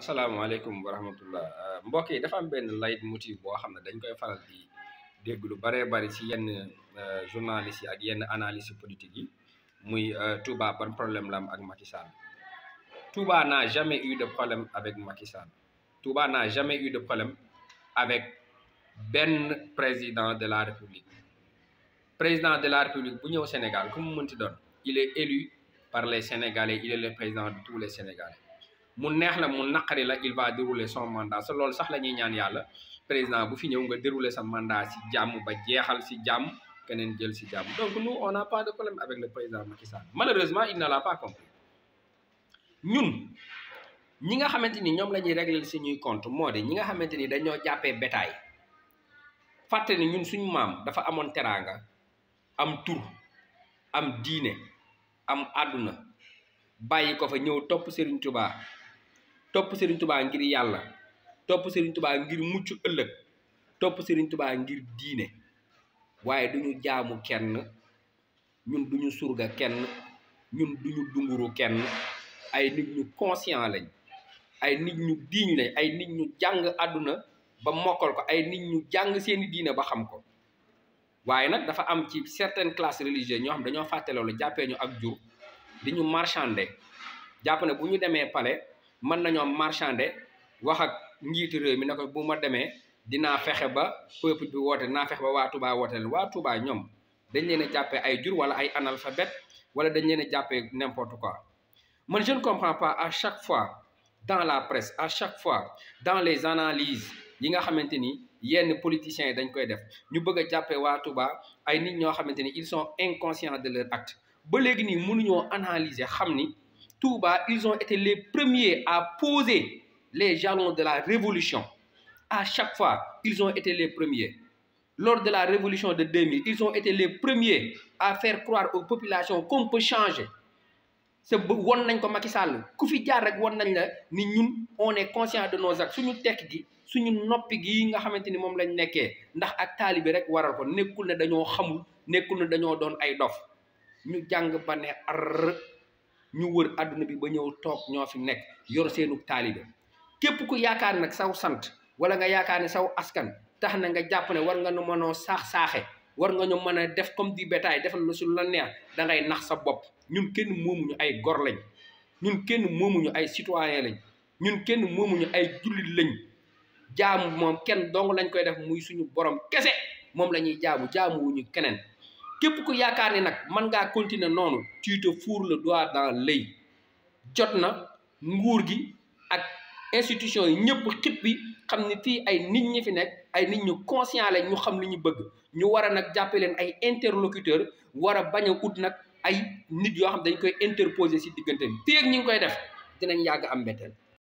asalaamaaleykum wa rahmatullah euh, mbokk yi dafa am benn light motif boo xam ne dañ koy faral di dégg lu bëree bëri ci yenn euh, journalistes yi ak yenn analyse politique yi muy euh, Touba ban problème la am ak Macky Sall Touba n'a jamais eu de problème avec Macky Sall Touba n'a jamais eu de problème avec benn président de la République président de la République bu ñëw Sénégal ku mu mënti doon il est élu par les Sénégalais il est le président de tous les Sénégalais mu neex la mu naqari la il va dérouler son mandat sa lool sax la ñuy ñaan yàlla président bu fi ñëw nga dérouler sa mandat si jàmm ba jeexal si jàmm keneen jël si jàmm donc nous on n'a pas de problème avec le président Macky Sall malheureusement il ne l'a pas compris ñun ñi nga xamante ni ñoom la ñuy régler suñuy compte moo di ñi nga xamante ni dañoo jàppee bétail fàtte ni ñun suñu maam dafa amoon teraanga am tur am diine am àdduna bàyyi ko fa ñëw topp Serigne Touba topp Serigne Touba ngir yàlla topp Serigne tubaa ngir mucc ëllëg topp Serigne Touba ngir diine waaye duñu jaamu kenn ñun duñu surga kenn ñun duñu dunguru kenn ay nit ñu conscient lañ ay nit ñu diiñ lañ ay nit ñu jàng àdduna ba mokkal ko ay nit ñu jàng seeni diine ba xam ko waaye nag dafa am ci certaines classes religieuses ñoo xam dañoo fàtte loolu jàppee ñu ak jur di ñu marchandé jàpp ne bu ñu demee palais man mën nañoo marchander wax ak njiitu réew mi ne ko bu ma demee dinaa fexe ba peuple bi woote dinaa fexe ba waa Touba woote leen waa ñoom dañ leen a jàppee ay jur wala ay analphabète wala dañ leen a jàppee n'importe quoi man je ne par à chaque fois dans la presse à chaque fois dans les analyses yi nga xamante ni yenn politiciens dañ koy def ñu bëgg a jàppee waa ay nit ñoo xamante ni ils sont inconscients de leur acte ba léegi nii mënuñoo analyser xam ni. Touba, ils ont été les premiers à poser les jalons de la révolution. À chaque fois, ils ont été les premiers. Lors de la révolution de 2000, ils ont été les premiers à faire croire aux populations qu'on peut changer. C'est won nañ ko Macky Sall ku fi jaar rek won nañ la ni ñun on est conscient de nos actes suñu tekk gi suñu noppi gi nga xamante ni moom lañ nekkee ndax ak taalibi rek waral ko nekkul ne dañoo xamul nekkul ne dañoo doon ay dof ñu jàng ba ne ñu wër àdduna bi ba ñëw toog ñoo fi nekk yor seenu taalibe képp ku yaakaar nag saw sant wala nga yaakaar ne saw askan tax na nga jàpp ne war nga nu mënoo saax-saaxe war nga ñu mën a def comme du bétail defal lu su lan neex da ngay nax sa bopp ñun kenn moomuñu ay gor lañ ñun kenn moomuñu ay citoyen lañ ñun kenn moomuñu ay jullit lañ jaamu moom kenn dong lañ koy def muy suñu borom kese moom la ñuy jaamu jaamuwuñu keneen képp ku yaakaar ni nag mën ngaa continuer noonu tu four fourres le doigt dans l'œil jot na nguur gi ak institution yi ñëpp xit bi xam ni fii ay nit ñi fi nekk ay nit ñu conscient lañ ñu xam li ñu bëgg ñu war a nag jàppe leen ay interlocuteur war a bañ a ut nag ay nit yoo xam ne dañ koy interposé si diggante bi fii ak ngi koy def dinañ yàgg am mbetteel